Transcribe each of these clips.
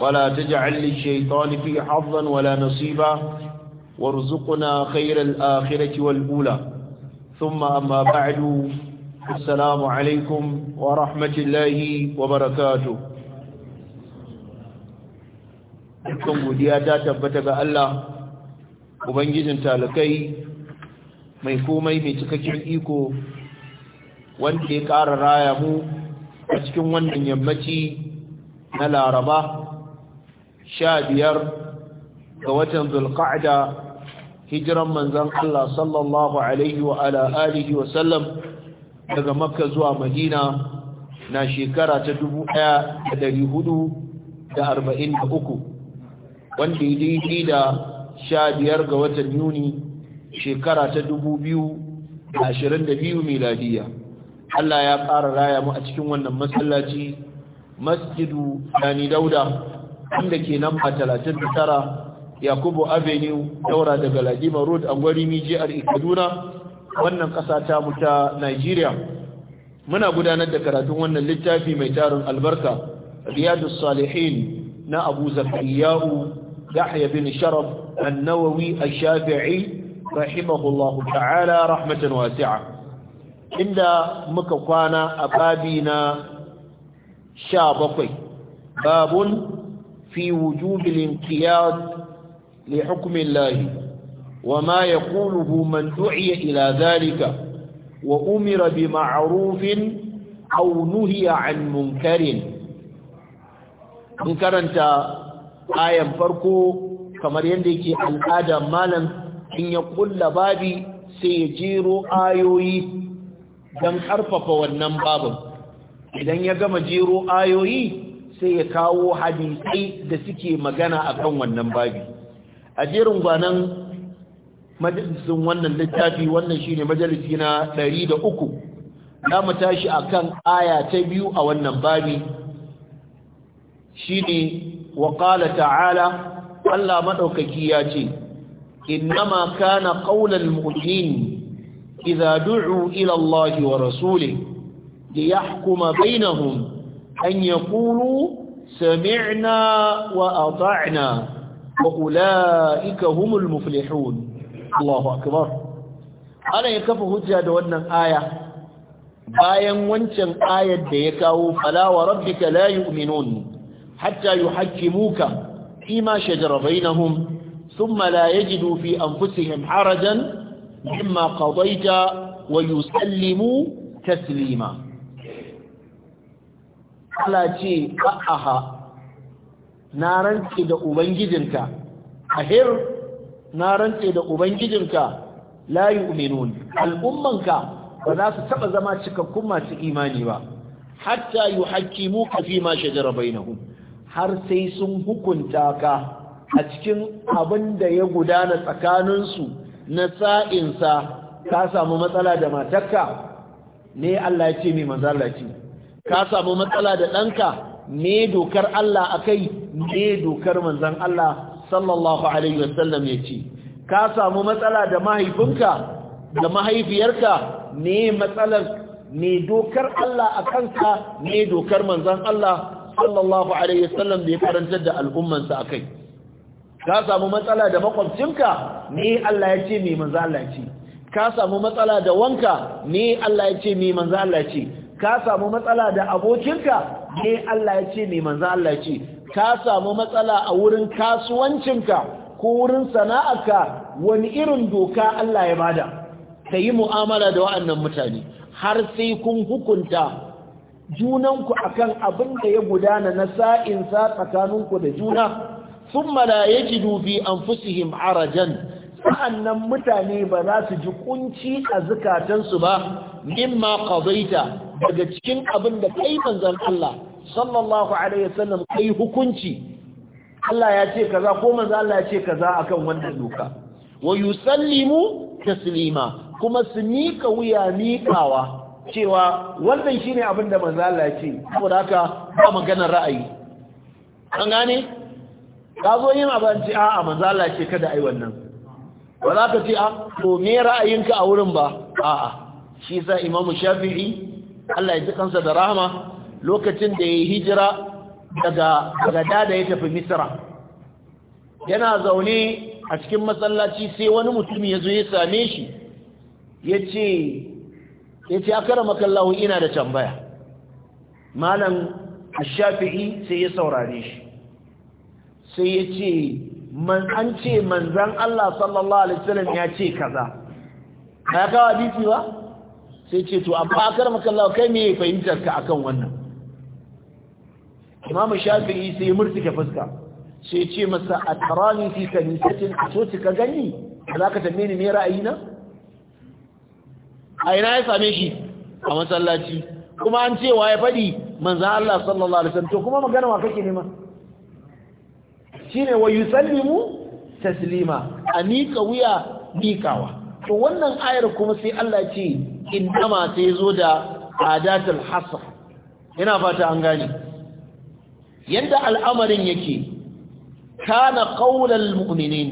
ولا تجعل للشيطان في حظا ولا نصيبا وارزقنا خير الآخرة والأولى ثم أما بعد السلام عليكم ورحمة الله وبركاته Dukkan godiya ta tabbata ga Allah, Ubangijin talakai mai komai mai cikakken iko wanda ya ƙara raya mu a cikin wannan yammaci na Laraba sha biyar ga watan zulqa'da hijiran manzon Allah sallallahu alaihi wa ala alihi wa sallam daga makka zuwa madina na shekara ta dubu ɗaya da da hudu arba'in uku, wanda ya daidai da sha biyar ga watan yuni shekara ta dubu miladiya Allah ya ƙara raya mu a cikin wannan masallaci masjidu dani dauda inda ke nan ba talatin da tara yakubu avenue daura daga ladima road a gwarimi jihar kaduna wannan ƙasa ta mu ta nigeria muna gudanar da karatun wannan littafi mai tarin albarka riyadu salihin na abu zakariya'u yahya bin sharaf annawawi a shafii rahimahullahu ta'ala rahmatan wasi'a inda muka kwana a babi na 17 babun في وجوب الانقياد لحكم الله وما يقوله من دعي إلى ذلك وأمر بمعروف أو نهي عن منكر منكر أنت آية فرقو kamar yadda yake al'ada malam in ya kulla babi sai ya jero ayoyi don karfafa wannan babin idan ya gama jero ayoyi sai ya kawo hadisai da suke magana a kan wannan babi a jerin gwanan majalisun wannan littafi wannan shine majalisi na 103 za mu tashi akan aya ta biyu a wannan babi ne wa qala ta'ala Allah madaukaki ya ce innama kana qaulal mu'minin idza du'u ila Allah wa rasulihi liyahkuma bainahum an ya yaqulu sami'na wa ata'na wa ulaika humul muflihun Allahu akbar ana ya kafa hujja da wannan aya bayan wancan ayar da ya kawo falawa wa rabbika la yu'minun hatta yuhaqqimuka fima shajara bainahum thumma la yajidu fi anfusihim harajan mimma qadayta wa sallimu taslima Allah ce ƙa’aha na rantse da ubangijinka ahir na rantse da ubangijinka layu al'ummanka ba za su taɓa zama cikakkun masu imani ba hatta mu fi ma shajara bainahum har sai sun hukunta ka a cikin abin da ya gudana tsakaninsu na sa'insa ka samu matsala da matakka? ne Allah ya ce mai manzala ce ka samu matsala da ɗanka me dokar Allah a kai me dokar manzan Allah sallallahu Alaihi wasallam ya ce ka samu matsala da mahaifinka da mahaifiyarka me matsalar me dokar Allah a kanka me dokar manzan Allah sallallahu Alaihi wasallam da ya karantar da al'ummansa a kai ka samu matsala da makwabcinka me Allah ya ce me manzan Allah ya ce ka samu matsala da wanka me Allah ya ce me manzan Allah ya ce ka samu matsala da abokinka ne eh, Allah ya ce ne manzo Allah ya ce ka samu matsala a wurin kasuwancinka ko wurin sana'arka wani irin doka Allah ya bada ka yi mu'amala da wa'annan mutane har sai kun hukunta junanku akan abin da ya gudana na sa'in sa'insa tsakaninku da juna sun mala ya ji dubi an fusihim sa'annan mutane ba za su ji kunci a zukatansu ba mimma ƙazaita daga cikin abin da kai manzan Allah sallallahu alaihi wasallam kai hukunci Allah ya ce kaza ko manzan Allah ya ce kaza akan wannan doka wa yusallimu taslima kuma su mika wuya mikawa. cewa wannan shine abin da manzan Allah ya ce saboda haka ba maganar ra'ayi an gane ka zo yin abinci a'a manzan Allah ce kada ai wannan ba za ka ce a to me ra'ayinka a wurin ba a'a shi sa imamu shafi'i Allah ya ji kansa da rahama lokacin da ya yi hijira daga gada da ya tafi Misira. yana zaune a cikin matsalaci sai wani mutum ya zo ya same shi ya ce a ce aka ina da tambaya malam shafi'i sai ya saurare shi sai ya ce an ce manzan Allah sallallahu Alaihi wasallam ya ce kaza ba ya kawo hadisi ba? sai ce to amma akar makalla kai me fahimtar ka akan wannan imamu shafi'i sai ya murtuke fuska sai ce masa a fi kanisatin so ka gani za ka tambaye ni me ra'ayina a ina ya same shi a masallaci kuma an ce wa ya faɗi manzo Allah sallallahu alaihi wasallam to kuma magana wa kake nema shine wa yusallimu taslima anika wuya miƙawa to wannan ayar kuma sai Allah ce innama sai zo da adatul hasr ina fata an gane yanda al'amarin yake kana qaulal mu'minin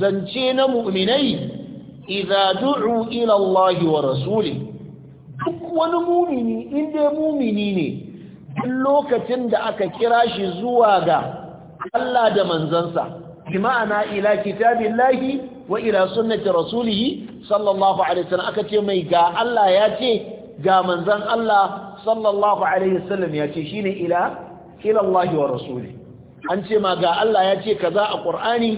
zance na mu'minai idza du'u ila Allah wa rasuli duk wani mu'mini inda mu'mini ne duk lokacin da aka kira shi zuwa ga Allah da manzansa bi ma'ana ila kitabillahi wa ila sunnati rasulih sallallahu alaihi wasallam aka ce mai ga Allah ya ce ga manzon Allah sallallahu alaihi wasallam ya ce shine ila ila Allah wa rasuli an ce ma ga Allah ya ce kaza a Qur'ani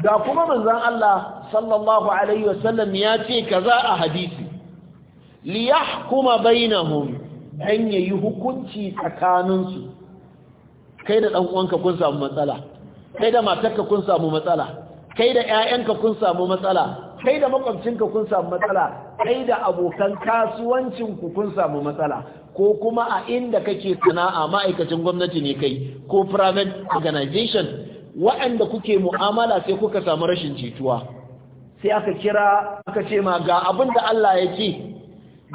ga kuma manzon Allah sallallahu alaihi wasallam ya ce kaza a hadisi li yahkuma bainahum an yi hukunci tsakaninsu kai da dan uwanka kun samu matsala kai da matarka kun samu matsala kai da ƴaƴanka kun samu matsala kai da makwabcinka kun samu matsala kai da abokan kasuwancinku kun samu matsala ko kuma a inda kake sana'a ma'aikacin gwamnati ne kai ko private organization waɗanda kuke mu'amala sai kuka samu rashin jituwa sai aka kira aka ce ma ga abin da Allah ya ce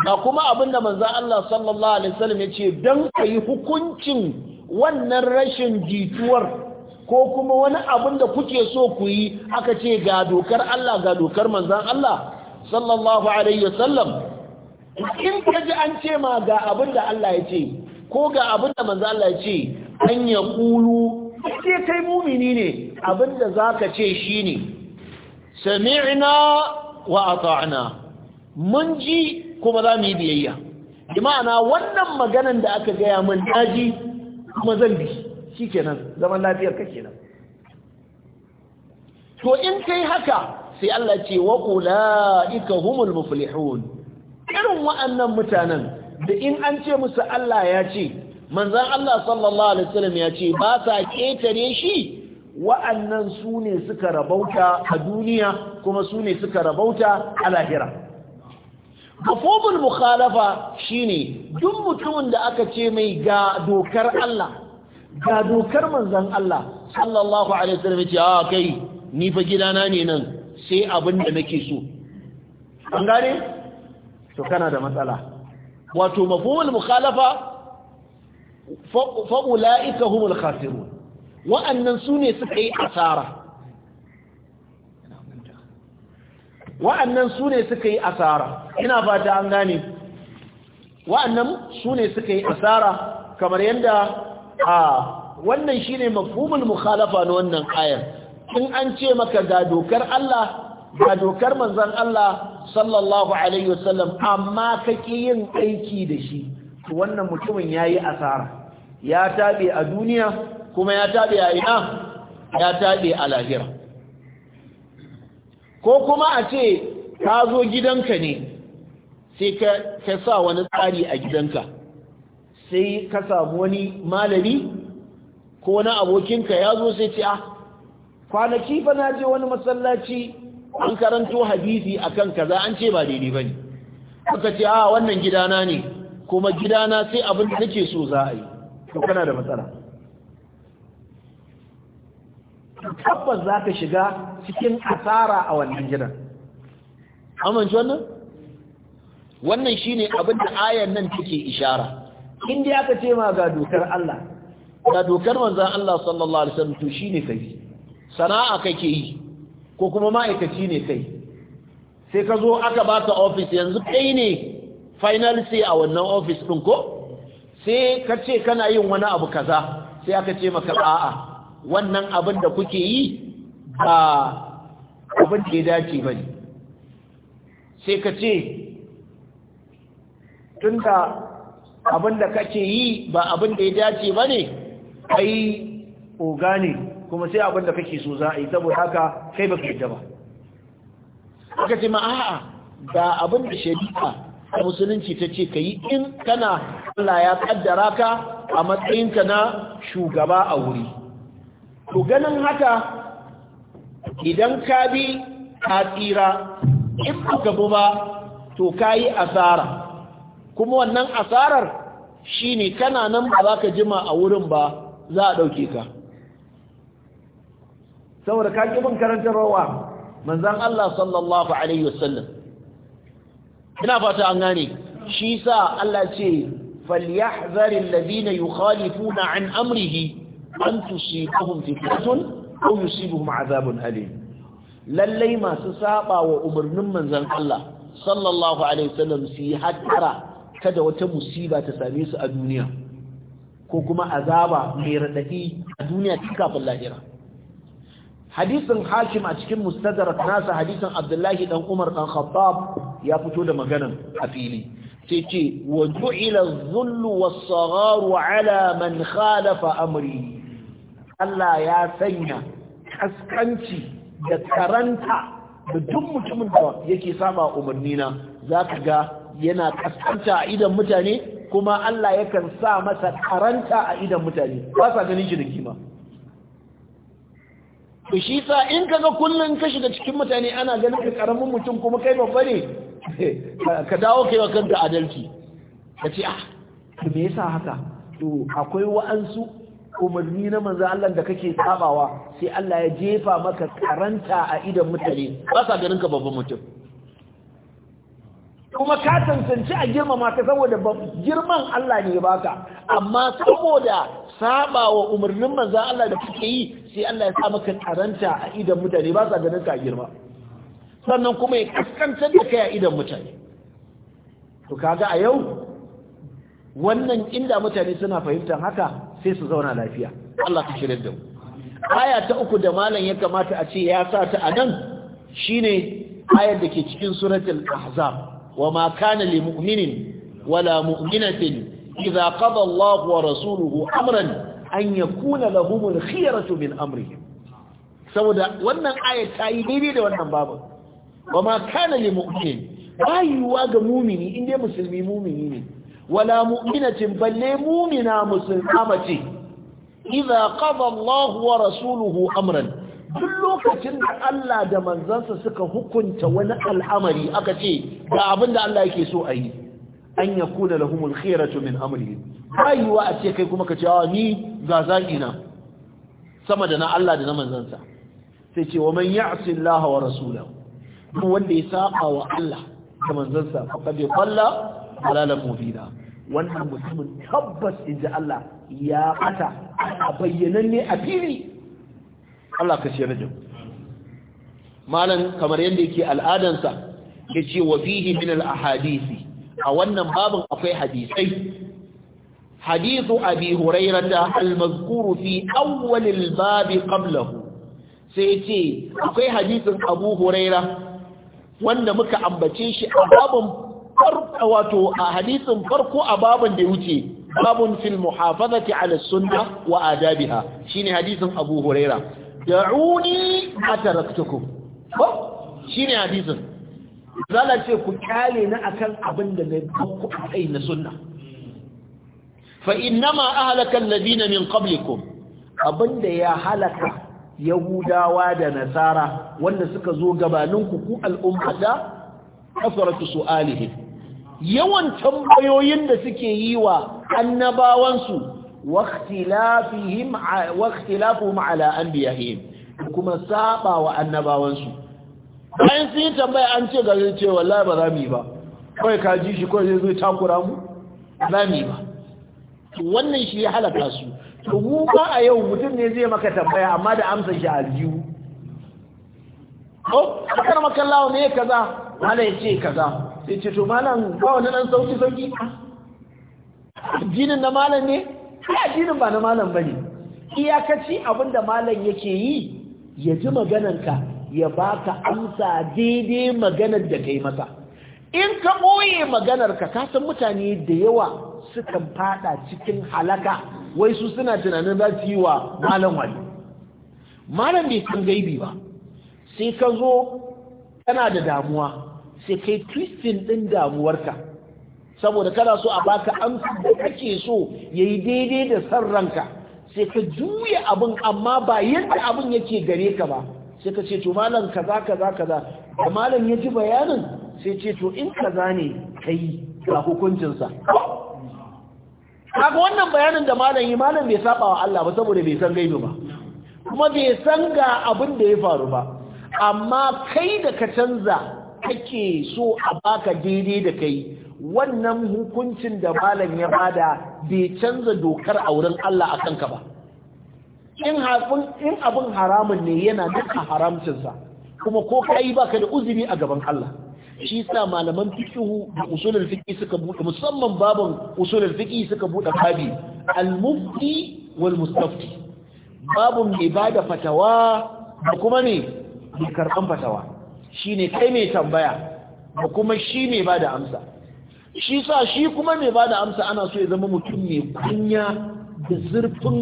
ga kuma abin da manzo Allah sallallahu alaihi wasallam ya ce dan kai hukuncin wannan rashin jituwar ko kuma wani abin da kuke so ku yi aka ce ga dokar Allah ga dokar manzan Allah sallallahu alaihi wasallam in ka ji an ce ma ga abin da Allah ya ce ko ga abin da manzan Allah ya ce an ya kulu sai kai mumini ne abin da za ka ce shi ne sami'na wa ata'na mun ji kuma za mu yi biyayya Imana wannan maganan da aka gaya min daji kuma zan bi shi kenan zaman lafiyar ka kenan to in kai haka sai Allah ce wa ulaika humul muflihun irin wa'annan mutanen da in an ce musu Allah ya ce manzon Allah sallallahu alaihi wasallam ya ce ba sa ketare shi wa'annan su ne suka rabauta a duniya kuma su ne suka rabauta a lahira mafobul mukhalafa shine duk mutumin da aka ce mai ga dokar Allah ga dokar manzon Allah sallallahu alaihi wasallam ce a ah, kai ni fa gidana ne nan sai abin da nake so an gane to kana da matsala wato mafhumul mukhalafa fa ulaika humul khasirun wa'annan sune suka yi asara wa'annan su ne suka yi asara ina fata an gane wa'annan su ne suka yi asara kamar yadda a wannan shi shine mafumin mukhalafa na wannan ayar in an ce maka ga dokar Allah ga dokar manzon Allah sallallahu alaihi wasallam amma kake yin aiki da shi wannan mutumin yayi asara ya tabe a duniya kuma ya tabe a ina ya tabe a lahira ko kuma a ce ka zo gidanka ne sai ka sa wani tsari a gidanka sai ka samu wani malami ko wani abokinka ya zo sai ce ah kwanaki fa na je wani masallaci an karanto hadisi akan kaza an ce ba daidai bane kuka ce a ah, wannan gidana ne kuma gidana sai abin da nake so za a yi to kana da matsala tabbas za ka shiga cikin asara a wannan gidan amince wannan wannan shine abin da ayan nan take ishara in dai aka ce ma ga dokar Allah ga dokar manzon Allah sallallahu alaihi wasallam to shine kai sana'a kake yi ko kuma ma'aikaci ne kai sai ka zo aka baka office yanzu kai ne final say a wannan office din ko sai ka ce kana yin wani abu kaza sai aka ce maka a'a wannan abin da kuke yi ba abin da ya dace ba, sai ka ce tunda abin da kake yi ba abin da ya dace ba ne kai oga ne kuma sai abin da kake so za a yi saboda haka kai ba ka yadda ba aka ce ma a'a da abin da shari'a a musulunci ta ce ka yi in kana Allah ya kaddara ka a matsayinka na shugaba a wuri to ganin haka idan ka bi ka tsira in ba ka ba to ka yi asara kuma wannan asarar shine kana nan ba za ka jima a wurin ba za a ɗauke ka saboda ka ƙi bin karantar rawa manzan Allah sallallahu alaihi wasallam ina fata an gane shi sa Allah ce falyahzaril ladina yukhalifuna an amrihi an tusibahum fitnatun aw yusibuhum azabun alim lallai masu saba wa umarnin manzan Allah sallallahu alaihi wasallam su yi hattara kada wata musiba ta same su a duniya ko kuma azaba mai radadi a duniya kafin lahira hadisin hakim a cikin mustadrak nasa hadisin abdullahi dan umar dan khattab ya fito da maganan a fili sai ce wa ju'ila dhullu was-sagharu ala man khalafa amri Allah ya sanya kaskanci da karanta da duk mutumin da yake saba umarnina zaka ga yana kaskanta a idan mutane kuma Allah yakan sa masa karanta a idan mutane ba sa ganin shi da kima to shi sa in kaga kullun ka shiga cikin mutane ana ganin ka karamin mutum kuma kai babba ne ka dawo kai wa kanka adalci ka ah to me yasa haka to akwai wa'ansu umarni na manzo Allah da kake sabawa sai Allah ya jefa maka karanta a idan mutane ba sa ganin ka babban mutum kuma ka tantance a girmama ka saboda girman Allah ne baka amma saboda saba umarnin manzan Allah da kuke yi sai Allah ya sa maka karanta a idan mutane ba sa ganin ka girma sannan kuma ya kaskantar da kai a idan mutane to kaga a yau wannan inda mutane suna fahimtar haka sai su zauna lafiya Allah ya shirye da mu aya ta uku da malam ya kamata a ce ya sa ta anan shine ayar da ke cikin suratul ahzab وما كان لمؤمن ولا مؤمنة إذا قضى الله ورسوله أمرا أن يكون لهم الخيرة من أمرهم saboda wannan aya ta yi daidai da wannan babu wa kana lil mu'min bayuwa ga mumini inda musulmi mumini ne wala mu'minatin balle mumina musulma mace idza qada Allah wa rasuluhu amran duk lokacin da Allah da manzansa suka hukunta wani al'amari aka ce ga abin da Allah yake so a yi an ya kuna lahumul khiratu min amri rayuwa a ce kai kuma ka cewa ni ga na sama da na Allah da na manzansa sai ce wa man ya'si Allah wa rasulahu wanda ya saba wa Allah da manzansa faqad yalla dalalan mubina wannan mutumin tabbas inda Allah ya bata a bayyananne a fili Allah ka siya da malam kamar yadda yake al'adansa ya ce wa fihi min al-ahadisi a wannan babin akwai hadisai hadithu abi ta al-mazkuru fi awwal babi qablahu sai ce akwai hadisin abu huraira wanda muka ambace shi a babin farko wato a hadisin farko a babin da wuce babun fil muhafazati ala sunna wa adabiha shine hadisin abu huraira da'uni ataraktukum ko shine hadisin zala ce ku kyale na akan abin da na ku kai na sunna fa a ahlaka alladhina min Abin abinda ya halaka yahudawa da nasara wanda suka zo gabaninku ku al'umma da su su'alihi yawan tambayoyin da suke yi wa annabawansu واختلافهم واختلافهم على انبيائهم kuma saba wa annabawansu bayan sun yi tambaya an ce gare ce wallahi ba za mu yi ba kawai ka ji shi kawai zai takura mu za mu yi ba wannan shi ya halaka su to mu ba a yau mutum ne zai maka tambaya amma da amsa shi aljihu oh akar makallawa ne kaza mana ya ce kaza sai ce to malam ba wani dan sauki sauki jinin na malam ne kai addinin ba na malam bane iyakaci abinda malam yake yi ya ji maganarka ya baka amsa daidai maganar da kai masa in ka boye maganarka ka san mutane da yawa sukan fada cikin halaka wai su suna tunanin za su yi wa malam wani malam bai san gaibi ba sai ka zo kana da damuwa sai kai twistin din damuwarka saboda kana so a baka amsa da kake so yayi daidai da san ranka sai ka juya abin amma ba yadda abin yake gare ka ba sai ka ce to malam kaza kaza kaza da malam ya ji bayanin sai ce to in kaza ne kai ga hukuncinsa kaga wannan bayanin da malam yi malam bai saba wa Allah ba saboda bai san gaibi ba kuma bai san ga abin da ya faru ba amma kai da ka canza kake so a baka daidai da kai wannan hukuncin da malam ya bada bai canza dokar a wurin Allah a kanka ba in abin haramun ne yana duka haramcinsa kuma ko ba baka da uzuri a gaban Allah shi sa malaman fiqhu da usulul fiqh suka buɗe musamman babin usulul fiqh suka buɗe babi al-mufti wal mustafti babun mai bada fatawa da kuma ne mai karban fatawa ne kai mai tambaya da kuma shi mai bada amsa shi sa shi kuma mai bada amsa ana so ya zama mutum mai kunya da zurfin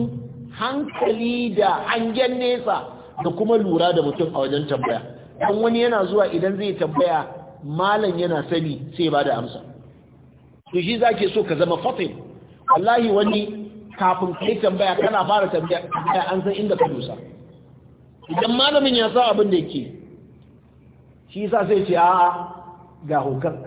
hankali da hangen nesa da kuma lura da mutum a wajen tambaya don wani yana zuwa idan zai tambaya malam yana sani sai ba da amsa to shi za so ka zama fatim wallahi wani kafin kai tambaya kana fara tambaya an san inda ka dosa idan malamin ya sa abin da yake shi sa sai ce a'a ga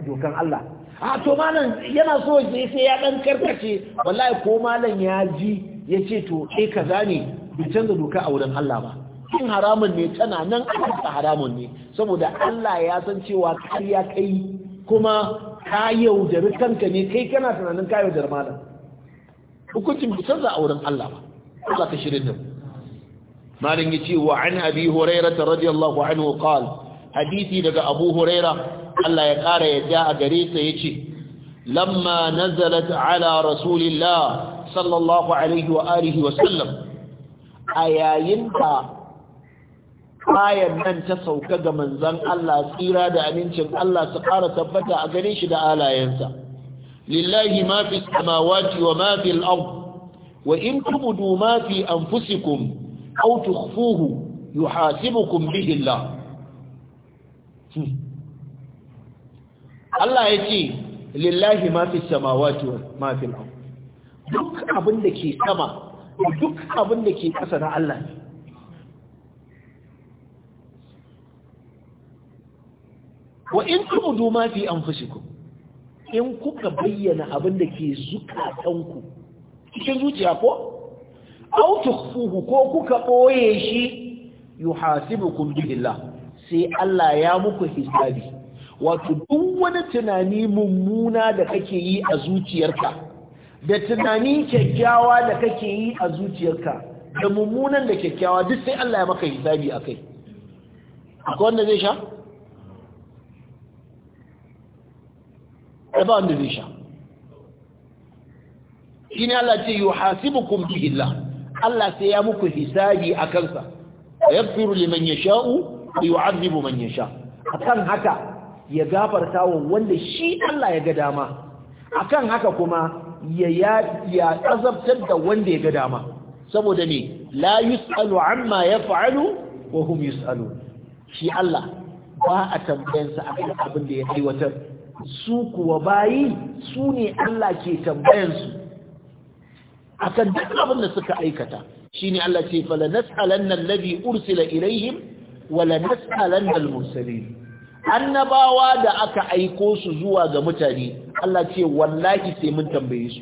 dokan Allah a to malam yana so sai ya dan karkace wallahi ko malam ya ji ya ce to eh kaza ne bi canza doka a wurin Allah ba in haramun ne tana nan a haramun ne saboda Allah ya san cewa ya kai kuma ka da kanka ne kai kana tunanin ka da malam hukuncin bi canza a wurin Allah ba Allah ka shirin nan malam yace wa an abi hurairah radiyallahu anhu qala hadisi daga abu huraira Allah ya ƙara yadda a gare sa ya ce lamma nazalat ala rasulillah sallallahu alaihi wa alihi wa sallam a yayin ta ayar nan ta sauka ga manzon Allah tsira da amincin Allah su ƙara tabbata a gare shi da alayensa lillahi ma fi samawati wa ma fi al-ard wa in tubdu ma fi anfusikum aw tukhfuhu yuhasibukum bihi Allah Allah ya ce lillahi ma fi samawati wa ma fi al-ard duk abin da ke sama duk abin da ke ƙasa na Allah ne wa in tu'du ma fi anfusikum in kuka bayyana abin da ke zukatanku cikin zuciya ko au tukhfuhu ko kuka boye shi yuhasibukum billah sai Allah ya muku hisabi wato duk wani tunani mummuna da kake yi a zuciyarka da tunani kyakkyawa da kake yi a zuciyarka da mummunan da kyakkyawa duk sai Allah ya maka hisabi akai akwai wanda zai sha ba wanda zai sha shi ne Allah ce yuhasibukum bihi Allah Allah sai ya muku hisabi akan sa wa yaghfiru liman yasha'u yu'adhibu man yasha akan haka ya gafarta wa wanda shi Allah ya ga dama akan haka kuma ya ya azabtar da wanda ya ga dama saboda ne la yus'alu amma yaf'alu wa hum yus'alun shi Allah ba a tambayansa akan abin da ya aiwatar su kuwa bayi su ne Allah ke tambayansu akan duk abin da suka aikata shine Allah ce fala nas'alanna alladhi ursila ilaihim wala nas'alan al mursalin annabawa da aka aiko su zuwa ga mutane Allah ce wallahi sai mun tambaye su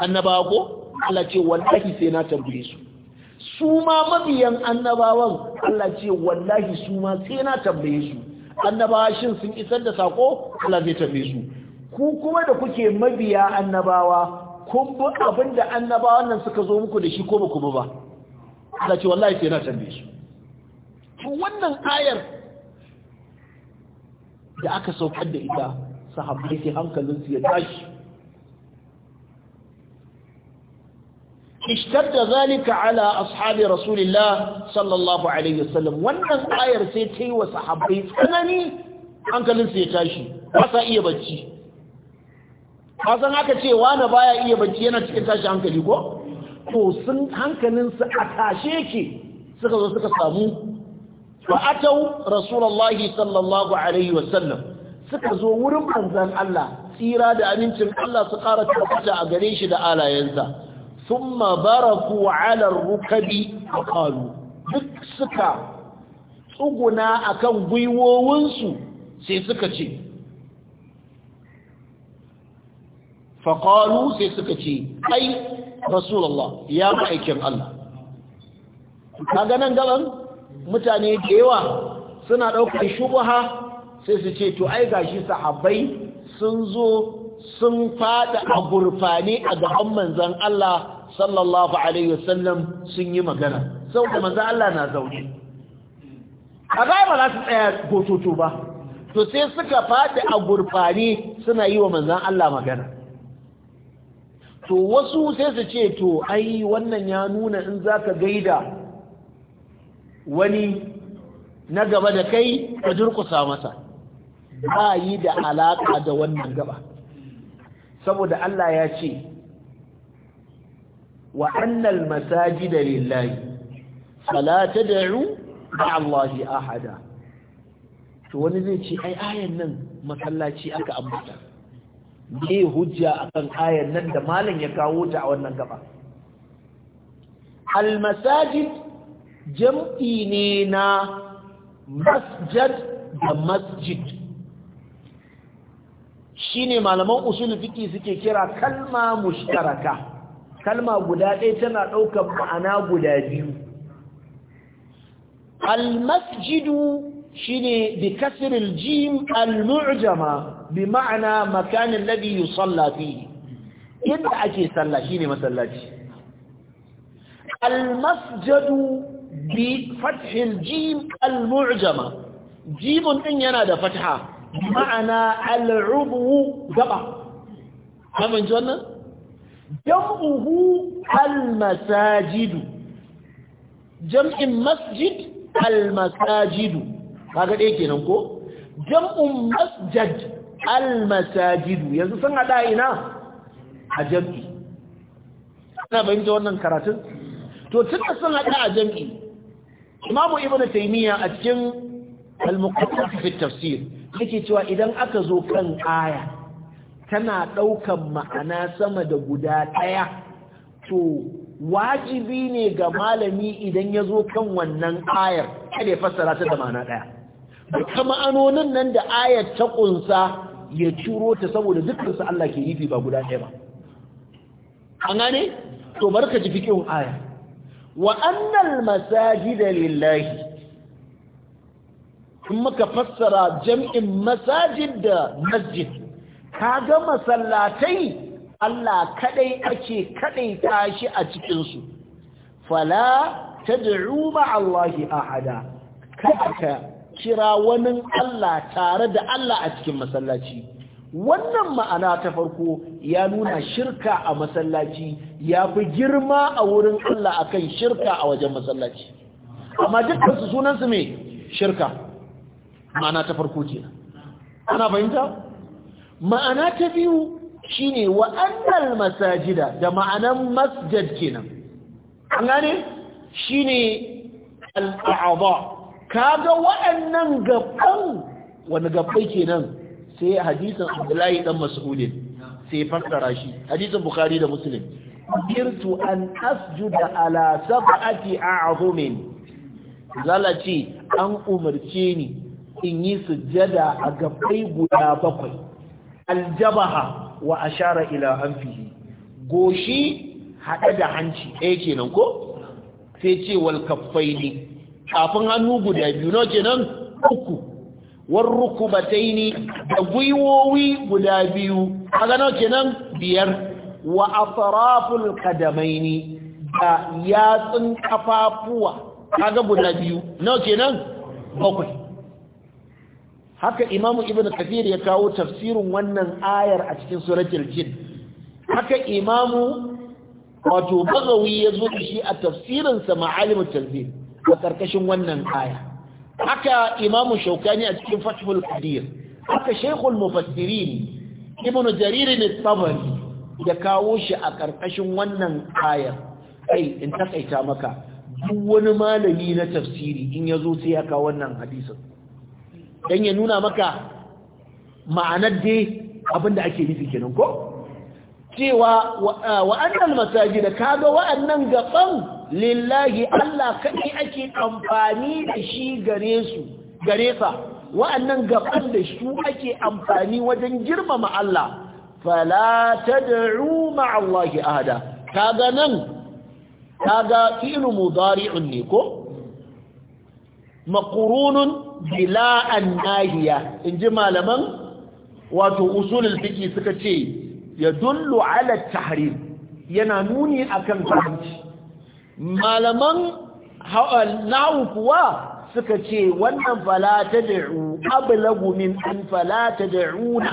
annabawa ko Allah ce wallahi sai na tambaye su su ma mabiyan annabawan Allah ce wallahi su ma sai na tambaye su annabawa shin sun isar da sako Allah zai tambaye su ku kuma da kuke mabiya annabawa kun bi abinda annabawan nan suka zo muku da shi ko ba ku ba Allah ce wallahi sai na tambaye su to wannan ayar da aka saukar da ita sahabbai sai hankalinsu ya tashi اشتد ذلك على أصحاب رسول الله صلى الله عليه وسلم wannan ayar sai ta yi wa sahabbai tsanani hankalin ya tashi ba sa iya bacci ba san haka ce wani baya iya bacci yana cikin tashi hankali ko to sun hankalin su a tashe ke suka zo suka samu fa atau rasulullahi sallallahu alaihi wasallam suka zo wurin manzon Allah tsira da amincin Allah su ƙara tabbata a gare shi da alayensa thumma baraku ala rukabi qalu duk suka tsuguna akan gwiwowinsu sai suka ce faƙalu sai suka ce ai rasulullah ya ma'aikin Allah kaga nan gaban mutane da yawa suna ɗaukar shubuha sai su ce to ai gashi sahabbai sun zo sun fada a gurfane a gaban manzan Allah sallallahu alaihi wasallam sun yi magana saboda manzan Allah na zaune a ba ba za su tsaya gototo ba to sai suka fada a gurfane suna yi wa manzan Allah magana to wasu sai su ce to ai wannan ya nuna in zaka gaida wani na gaba da kai ka durkusa masa ba yi da alaƙa da wannan gaba saboda Allah ya ce wa annal masajida lillahi fala tad'u ma'a ahada to wani zai ce ai ayan nan masallaci aka ambata ne hujja akan ayan nan da malam ya kawo ta a wannan gaba al masajid jam'i ne na masjad da masjid ne malaman usul fiqi suke kira kalma mushtaraka kalma guda ɗaya tana ɗaukar ma'ana guda biyu Almasjidu shi shine bi kasr al-jim al-mu'jama bi ma'ana makanin alladhi yusalla fihi yadda ake sallah shine masallaci Almasjadu. بفتح الجيم المعجمة جيم إن ينادى فتحة معنى العضو جبع هم انجوانا جمعه المساجد جمع مسجد المساجد kaga ɗaya kenan ko jam'un masjid al-Masa'jidu. yanzu sun haɗa ina a jam'i ana ji wannan karatun to tun sun haɗa a jam'i imamu Ibn taymiya a cikin al-muqaddimah fi tafsir yake cewa idan aka zo kan aya tana daukan ma'ana sama da guda daya to wajibi ne ga malami idan ya zo kan wannan ayar kada ya fassara ta da ma'ana daya duka ma'anonin nan da ayar ta kunsa ya ciro ta saboda su Allah ke yi ba guda daya ba an gane to barka ji fikin aya Wa'annan annal masajida lillahi in muka fassara jam'in masajid da masjid kaga masallatai Allah kadai ake kadai tashi a cikinsu. su fala tad'u ma Allahi ahada kada ka kira wani Allah tare da Allah a cikin masallaci wannan ma'ana ta farko ya nuna shirka a masallaci ya fi girma a wurin Allah akan shirka a wajen masallaci amma dukkan su sunan su me shirka ma'ana ta farko kenan ana fahimta ma'ana ta biyu shine wa annal masajida da ma'anan masjid kenan an gane shine al-a'dha kaga waɗannan gaban wani gabai kenan sai hadisin abdullahi dan mas'udi sai fassara shi hadisin bukhari da muslim kirtu an asjuda ala sab'ati a'zumin zalati an umarce ni in yi sujjada a gabai guda bakwai aljabaha wa ashara ila anfihi goshi hada da hanci eh kenan ko sai ce wal kaffaini kafin hannu guda biyu no kenan uku warrukubataini da gwiwowi guda biyu kaga nawa kenan biyar wa kadamai qadamaini da yatsun kafafuwa kaga guda biyu nawa kenan bakwai haka imamu ibnu kathir ya kawo tafsirin wannan ayar a cikin suratul jin haka imamu wato bagawi ya zo shi a tafsirin sa ma'alimut tanzil a karkashin wannan aya haka imamu shaukani a cikin fathul qadir haka shaykhul mufassirin ibnu jarir al tsabar ya kawo shi a ƙarƙashin wannan ayar ai in takaita maka duk wani malami na tafsiri in ya zo sai ya kawo wannan hadisin dan ya nuna maka ma'anar dai abinda ake nufi kenan ko cewa wa annal ka kaga wa'annan gaban lillahi Allah kaɗai ake amfani da shi gare su gare sa wa'annan gaban da su ake amfani wajen girmama Allah fala tad'u ma'a ahada kaga nan kaga fi'lu mudari'un ne ko maqrunun bila annahiya inji malaman wato usulul fiqh suka ce yadullu ala tahrim yana nuni akan haramci malaman nahu kuwa suka ce wannan fala ta ablagu min an fala ta da'una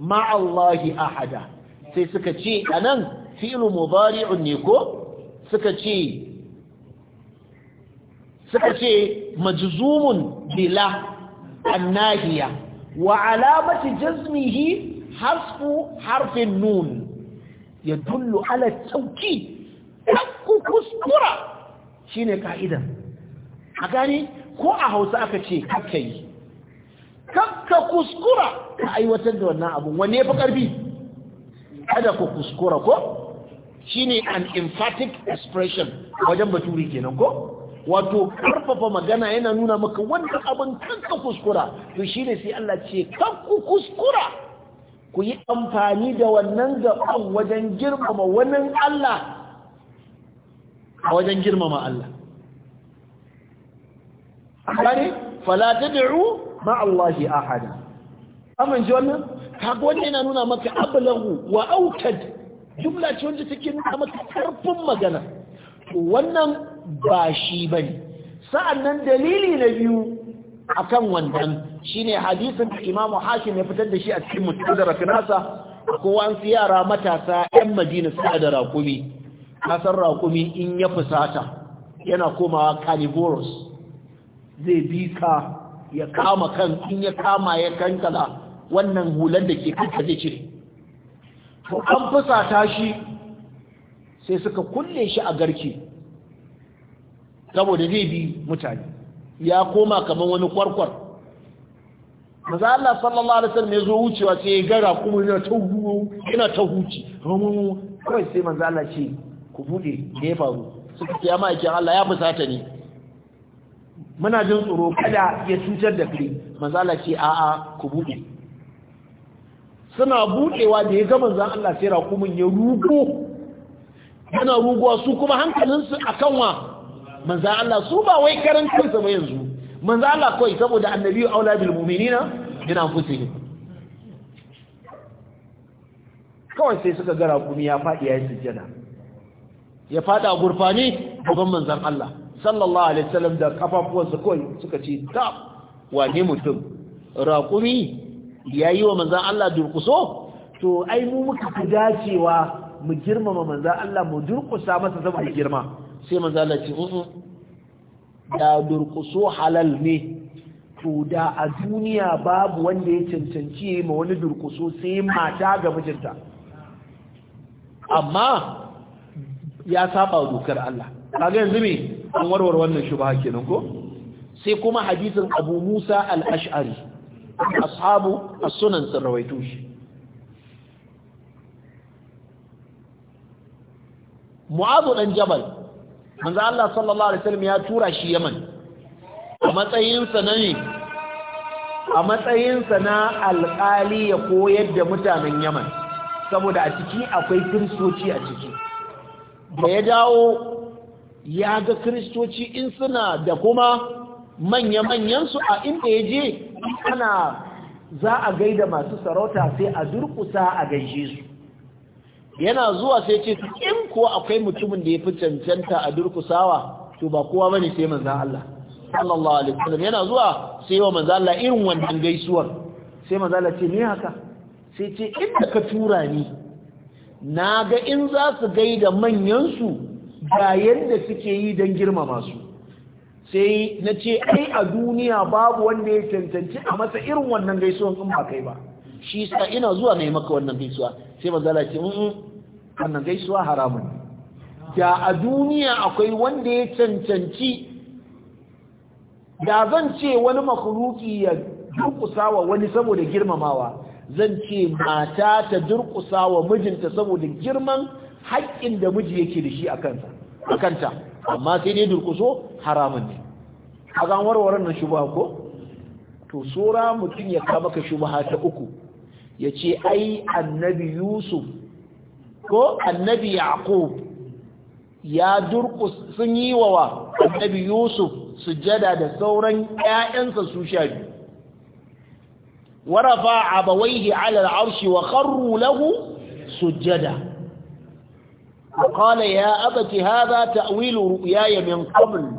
ma Allahi ahada sai suka ce anan fi'lu mudari'un ne ko suka ce suka ce majzumun bila annahiya wa alamati jazmihi hasfu harfin nun yadullu ala tawkid ku kuskura shine ka'idan a gani ko a hausa aka ce kakka yi kakka kuskura ka aiwatar da wannan abu wanne fi karfi kada ku kuskura ko shine an emphatic expression wajen baturi kenan ko wato karfafa magana yana nuna maka wanda abin kanka kuskura to shine sai Allah ce kanku kuskura ku yi amfani da wannan gaban wajen girmama wannan Allah a wajen girmama Allah Akwai, fala tad'u ma Allahi ahada amin ji wannan kaga wannan yana nuna maka ablahu wa aukad jumla ce wanda take nuna maka karfin magana wannan ba shi bane nan dalili na biyu akan wannan shine hadisin da imamu Hakim ya fitar da shi a cikin mutadara nasa kowa an yara matasa 'yan Madina suna da rakumi kasar raƙumi in ya fusata yana komawa carnivorous zai bi ka ya kama kan in ya kama ya kankala wannan hular da ke kanka zai cire to an fusata shi sai suka kulle shi a garke saboda zai bi mutane ya koma kamar wani kwarkwar maza Allah sallallahu alaihi wasallam ya zo wucewa sai ya gara kuma yana ta huci kawai sai maza Allah ce ku bude ne faru suka ce ya ma'aikin Allah ya fusata ne muna jin tsoro kada ya cutar da kai Manzala ce ce a'a ku bude suna budewa da ya ga manzan Allah sai rakumin ya rugo yana rugowa su kuma hankalinsu a wa Manzan Allah su ba wai karan kansa ba yanzu manzan Allah kawai saboda annabi aula bil mu'minina yana fusihi kawai sai suka ga raƙumi ya faɗi ya yi sujjada ya fada gurfani gaban manzon Allah sallallahu alaihi wasallam da kafafuwansa kawai suka ce ta wani mutum raƙumi ya yi wa manzan Allah durkuso to ai mu muka fi dacewa mu girmama manzon Allah mu durkusa masa saboda girma sai manzon Allah ce da durkuso halal ne to da a duniya babu wanda ya cancanci ma wani durkuso sai mata ga mijinta amma ya saba dokar Allah kaga yanzu me an warware wannan shubha kenan ko sai kuma hadisin Abu Musa al-Ash'ari ashabu as-sunan sun shi Mu'adh dan Jabal manzo Allah sallallahu alaihi wasallam ya tura shi Yaman a matsayin sa ne a matsayin sa na alƙali ya koyar da mutanen Yaman saboda a ciki akwai kristoci a ciki da ya dawo ya ga kiristoci in suna da kuma manya-manyansu a inda ya je ana za a gaida masu sarauta sai a durkusa a gaishe su yana zuwa sai ce in ko akwai mutumin da ya fi cancanta a durkusawa to ba kowa bane sai manzan Allah sallallahu alaihi wasallam yana zuwa sai wa manzan Allah irin wannan gaisuwar sai manzan Allah ce ni haka sai ce inda ka tura ni na ga in za su gaida manyansu ga yadda suke yi don girmama su sai na ce ai a duniya babu wanda ya cancanci a masa irin wannan gaisuwan in ba kai ba shi sa ina zuwa na yi maka wannan gaisuwa sai zala ce wannan gaisuwa haramun da a duniya akwai wanda ya cancanci da zan ce wani makuluki ya dukusa wa wani saboda girmamawa zan ce mata ta durƙusa wa mijinta saboda girman haƙƙin da miji yake da shi a kanta amma sai dai durƙuso haramun ne a gan warware nan shubaha ko to sura mutum ya kama ka shubaha ta uku ya ce ai annabi yusuf ko annabi yaqub ya durƙus sun yi wa annabi yusuf sujada da sauran 'ya'yansa su sha biyu ورفع أبويه على العرش وخروا له سجدا وقال يا أبت هذا تأويل رؤياي من قبل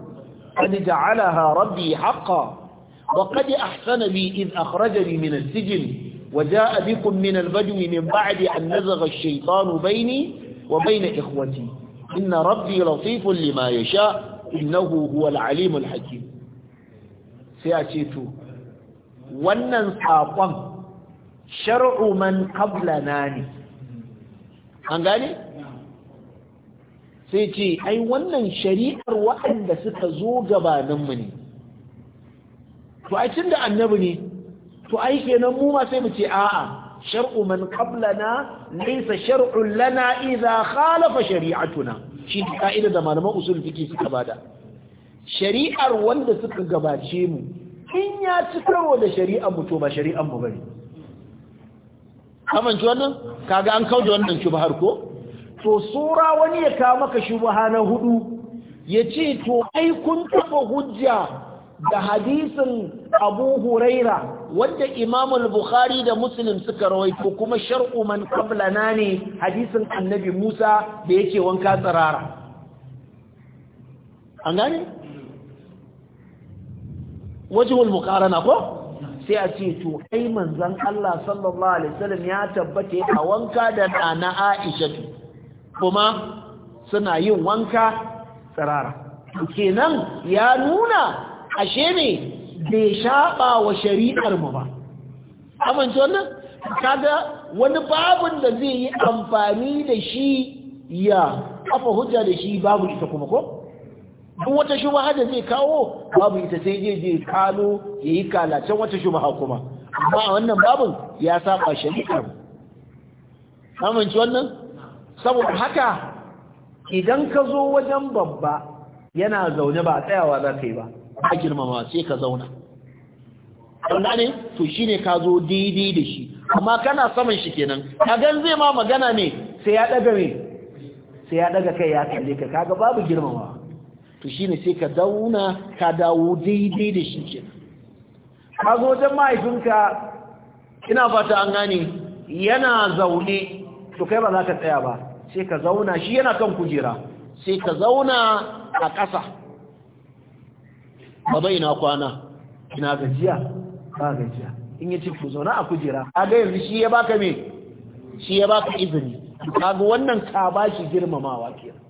قد جعلها ربي حقا وقد أحسن بي إذ أخرجني من السجن وجاء بكم من البدو من بعد أن نزغ الشيطان بيني وبين إخوتي إن ربي لطيف لما يشاء إنه هو العليم الحكيم سيأتيته wannan saƙon shar'u man qablana ne an gane sai ce ai wannan shari'ar waɗanda suka zo gabaninmu ne to ai tun da annabi ne to ai kenan mu ma sai mu ce a'a shar'u man qablana laysa shar'un lana idza khalafa shari'atuna shi ka'ida da malaman usul fiqh suka bada shari'ar wanda suka gabace mu in ya ci karo da shari'a mu to ba shari'an mu bane amince wannan kaga an kauce wannan shubhar ko to sura wani ya ka maka shubha na hudu ya ce to ai kun taba hujja da hadisin Abu Huraira wanda Imam al-Bukhari da Muslim suka rawaito kuma shar'u man qabla ne hadisin Annabi Musa da yake wanka tsarara an gane wajhul muqarana ko sai a ce to ai manzon Allah sallallahu alaihi wasallam ya tabbata a wanka da dana Aisha kuma suna yin wanka tsirara kenan ya nuna ashe ne bai shaɓa wa shari'ar mu ba amince wannan kaga wani babun da zai yi amfani da shi ya kafa hujja da shi babu ita kuma ko duk wata shubaha da zai kawo babu ita sai je je kalo yayi kalacen wata shubaha kuma amma a wannan babun ya saba shari'a amince wannan saboda haka idan ka zo wajen babba yana zaune ba tsayawa za ka yi ba ba girmama sai ka zauna wanda ne to shine ka zo daidai da shi amma kana saman shi kenan gan zai ma magana ne sai ya daga me sai ya daga kai ya kalle ka kaga babu girmama to ne sai ka dauna ka dawo daidai da shi ke A zo wajen mahaifinka ina fata an gane yana zaune to kai ba za ka tsaya ba sai ka zauna shi yana kan kujera sai ka zauna a ƙasa baba ina kwana ina gajiya ba gajiya in yi ku zauna a kujera kaga yanzu shi ya baka me shi ya baka izini kaga wannan ka shi girmamawa kenan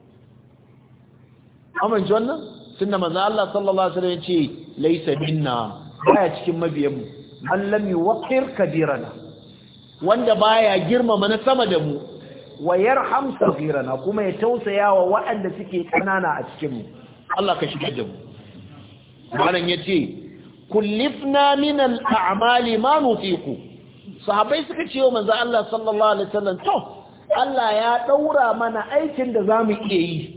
amma ji wannan sunna manzo Allah sallallahu alaihi wasallam yace laysa minna baya cikin mabiyan mu man lam yuwaqqir kabirana wanda baya girmama na sama da mu wa yarham saghirana kuma ya tausaya wa waɗanda suke kanana a cikin mu Allah ka shiga da mu malan yace kullifna min al-a'mali ma nutiqu sahabbai suka ce wa manzo Allah sallallahu alaihi wasallam to Allah ya daura mana aikin da zamu iya yi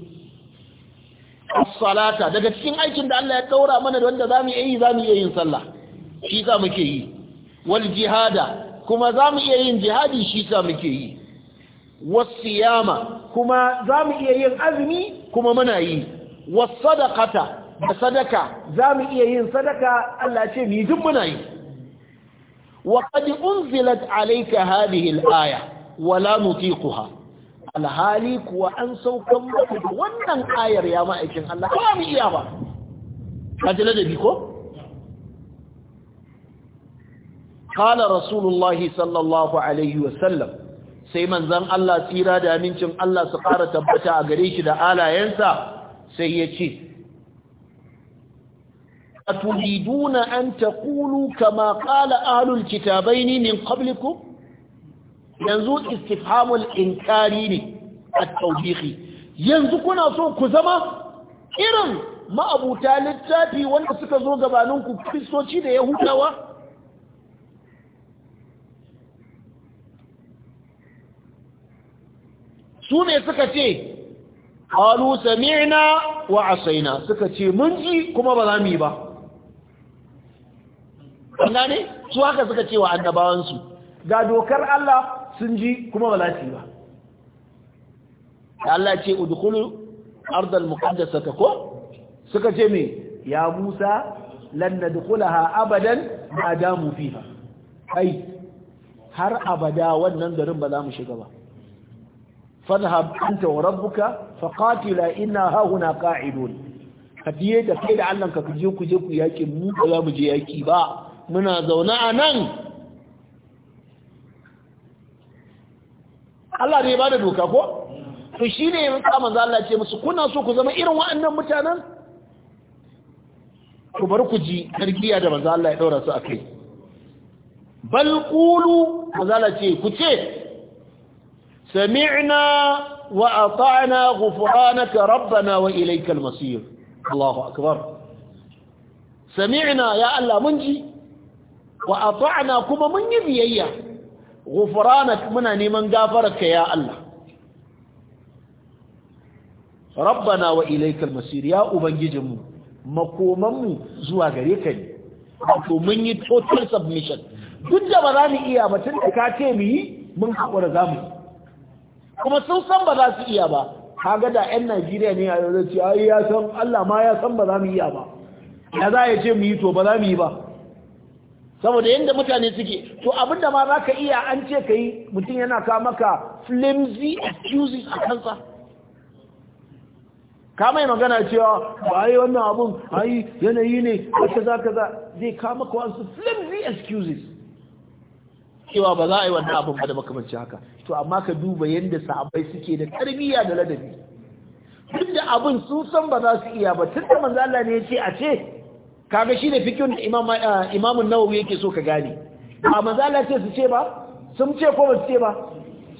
as-salata daga cikin aikin da Allah ya daura mana wanda zamu yi zamu iya yin sallah shi sa muke yi wal jihada kuma zamu iya yin jihadi shi sa muke yi was-siyama kuma zamu iya yin azumi kuma muna yi was-sadaqata da sadaka zamu iya yin sadaka Allah ce ni duk muna yi wa qad unzilat alayka hadhihi al-aya wa la nutiquha alhali kuwa an saukan muku da wannan ayar ya ma'aikin Allah ba mu iya ba ka ji ladabi ko qala sallallahu alaihi wasallam sai manzon Allah tsira da amincin Allah su fara tabbata a gare shi da alayensa sai ya ce أتريدون أن تقولوا كما kama أهل الكتابين من قبلكم yanzu istifhamul inkari ne a taubihi yanzu kuna so ku zama irin ma'abuta littafi wanda suka zo gabaninku kristoci da yahudawa su ne suka ce qalu sami'na wa asaina suka ce mun ji kuma ba za mu yi ba kun ne? su haka suka ce wa annabawansu ga dokar Allah sun ji kuma ba za su yi ba Allah ce udkhulu ardal muqaddasata ko suka ce me ya Musa lan nadkhulaha abadan ma damu fiha kai har abada wannan garin ba za mu shiga ba fadhhab anta wa rabbuka faqatila inna hauna qa'idun kadiye da kai da Allah ka kuje ku je ku yaki mu ba za mu je yaki ba muna zauna a nan Allah ba da doka ko to shi ne ya kama za Allah ce musu kuna so ku zama irin wa'annan mutanen ku bar ku ji tarbiya da manzo Allah ya ɗaura su akai bal qulu manzo Allah ce ku ce sami'na wa ata'na ka rabbana wa ilaykal masir Allahu akbar sami'na ya Allah mun ji wa ata'na kuma mun yi biyayya ghufranak muna neman gafararka ya Allah rabbana wa ilaikal masir ya ubangijinmu makomanmu zuwa gare ka ne wato mun yi total submission duk da ba za mu iya ba tun da ka ce mu yi mun haƙura za mu kuma sun san ba za su iya ba ga da 'yan najeriya ne a yau ce ai ya san allah ma ya san ba za mu iya ba ya za ya ce mu yi to ba za mu yi ba saboda yadda mutane suke to abinda ma za ka iya an ce ka yi mutum yana ka maka flimsy accusing a kansa ka magana cewa ba yi wannan abun yi yanayi ne wata za ka za zai kama ka wasu flimsy excuses cewa ba za a yi wannan abin ba da makamanci haka to amma ka duba yadda sahabbai suke da tarbiyya da ladabi duk da abin sun san ba za su iya ba tun da manzala ne ya ce a ce kaga shi ne fikin imamun eh, nawawi yake so ka gane a mazala ce su ce ba sun ce ko ba su ce ba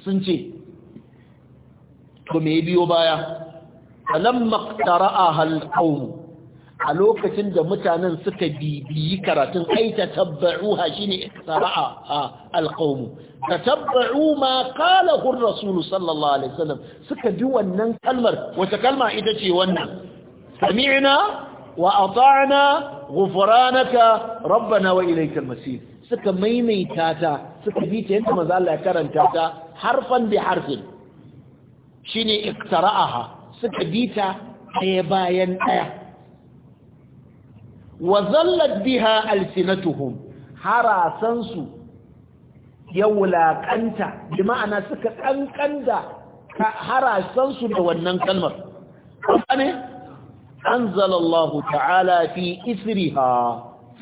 sun ce to me biyo baya alamma qara'a hal qawm a lokacin da mutanen suka bibiyi karatun ai tatabba'uha shine a al qawm tatabba'u ma qalahu ar-rasul sallallahu alaihi wasallam suka bi wannan kalmar wata kalma ita ce wannan sami'na wa ata'na ghufranaka rabbana wa ilaykal masir suka maimaita ta suka bi ta yanda manzo Allah ya karanta ta harfan bi harfin shine iktara'aha suka bi ta ɗaya bayan ɗaya wa zallat biha alsinatuhum harasansu ya wulaƙanta bi ma'ana suka ƙanƙan harasansu da wannan kalmar ne anzalallahu ta'ala fi isriha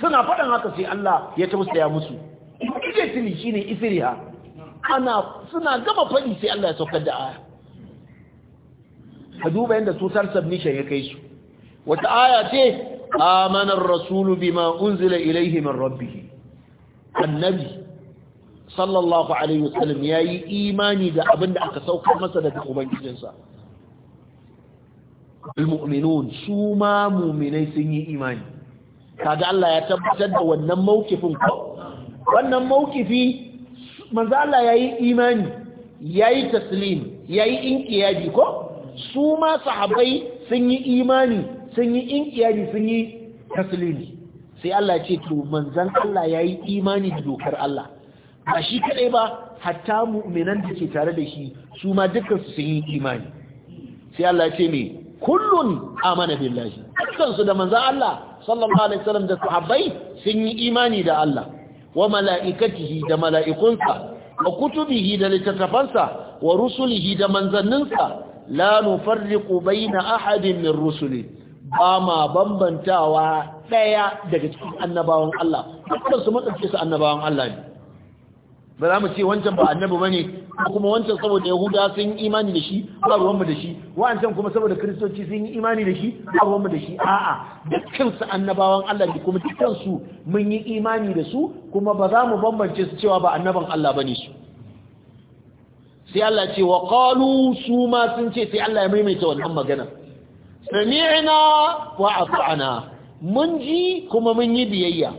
suna fadan haka sai Allah ya tausaya musu ije tuni shine isriha ana suna gama fadi sai Allah ya saukar da aya ka duba yadda tutar submission ya kai su wata aya ce amana ar-rasulu bima unzila ilayhi min rabbih annabi sallallahu alaihi wasallam yayi imani da abin da aka saukar masa daga ubangijinsa almu'minun su ma mu'minai sun yi imani kaga Allah ya tabbatar da wannan mawkifin ko wannan mawkifi manzo Allah yayi imani yayi taslim yayi inqiyadi ko su ma sahabbai sun yi imani sun yi inqiyadi sun yi taslimi sai Allah ya ce to manzon Allah yayi imani da dokar Allah ba shi kadai ba hatta mu'minan da ke tare da shi su ma dukkan su sun yi imani sai Allah ya ce me kullun amana billahi kansu da manzon Allah sallallahu alaihi wasallam da sahabbai sun yi imani da Allah wa mala'ikatihi da mala'ikunsa wa kutubihi da littattafansa wa rusulihi da manzanninsa la nufarriqu baina ahadin min rusuli ba ma bambantawa daya daga cikin annabawan Allah dukkan su matsarci su annabawan Allah ne ba za mu ce wancan ba annabi bane kuma wancan saboda yahuda sun yi imani da shi ba ruwan mu da shi wancan kuma saboda kiristoci sun yi imani da shi ba ruwan mu da shi a'a su annabawan Allah ne kuma dukkan su mun yi imani da su kuma ba za mu bambance su cewa ba annaban Allah bane su sai Allah ce wa qalu su ma sun ce sai Allah ya maimaita wannan magana sami'na wa ata'na mun ji kuma mun yi biyayya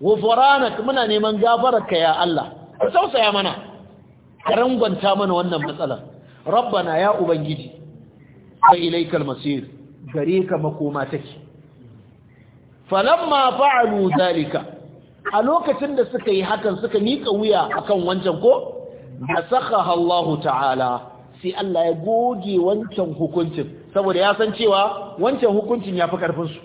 wa faranak muna neman gafararka ya Allah ka tausaya mana karangwanta mana wannan matsalar rabbana ya ubangiji fa ilaikal masir gare ka makoma take falamma fa'alu zalika a lokacin da suka yi hakan suka mika wuya akan wancan ko nasakha Allah ta'ala sai Allah ya goge wancan hukuncin saboda ya san cewa wancan hukuncin ya fi karfin su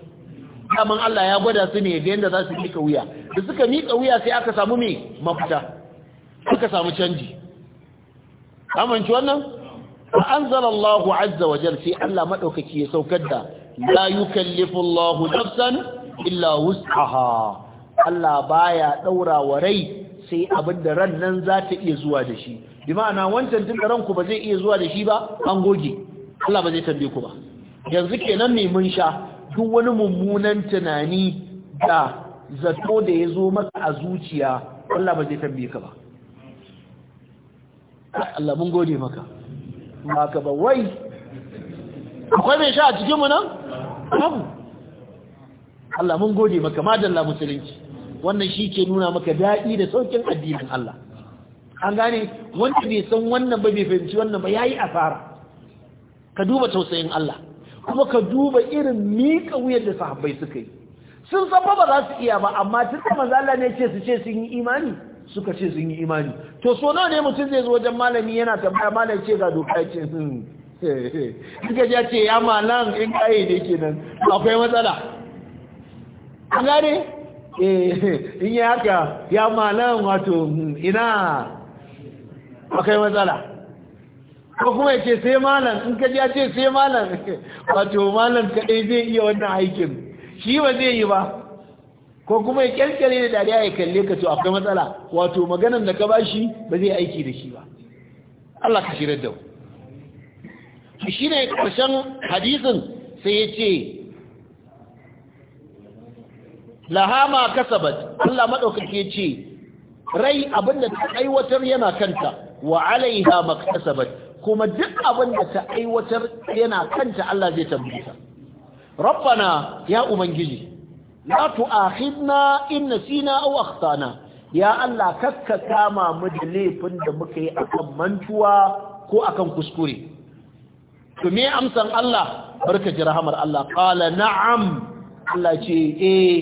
kaman Allah ya gwada su ne da yanda za su mika wuya da suka mika wuya sai aka samu me mafita suka samu canji amince wannan fa anzalallahu azza wa jalla sai Allah madaukaki ya saukar da la yukallifu Allahu nafsan illa wus'aha Allah baya daura wa rai sai abinda ran nan za ta iya zuwa da shi bi ma'ana wancan tun da ranku ba zai iya zuwa da shi ba an goge Allah ba zai tambaye ku ba yanzu kenan ne mun sha duk wani mummunan tunani da zato da ya zo maka a zuciya Allah ba zai tambaye ka ba Allah mun gode maka ba ka ba wai akwai mai sha a mu nan? abu Allah mun gode maka madalla musulunci wannan shi ke nuna maka daɗi da saukin addinin Allah an gane wanda bai san wannan ba bai fahimci wannan ba yayi asara ka duba tausayin Allah kuma ka duba irin miƙa wuyar da sahabbai suka yi sun san ba ba za su iya ba amma tun da manzo Allah ne ce su ce sun yi imani suka ce sun yi imani to so nawa ne mutum zai zo wajen malami yana tambaya malam ce ga doka ce suka hmm, hmm. ya ce ya malam in da ne kenan akwai matsala an gane eh, in yi haka ya malam wato hmm, ina akwai matsala ko kuma ya ce sai malam in ka ya ce sai malam wato malam kaɗai zai iya wannan aikin shi ba zai yi ba ko kuma ya kyalkyale da dariya ya kalle ka to akwai matsala wato maganar da ka bashi ba zai aiki da shi ba Allah ka shirar da mu shi ne hadisin sai ya ce lahama kasabat Allah maɗaukake ce rai abinda ta aiwatar yana kanta wa alaiha maktasabat kuma duk abinda ta aiwatar yana kanta Allah zai tambaye ta rabbana ya ubangiji la akhidna in nasina aw akhtana ya Allah kakka kama mu da laifin da muka yi akan mantuwa ko akan kuskure to me amsan Allah barka ji rahamar Allah qala na'am Allah ce eh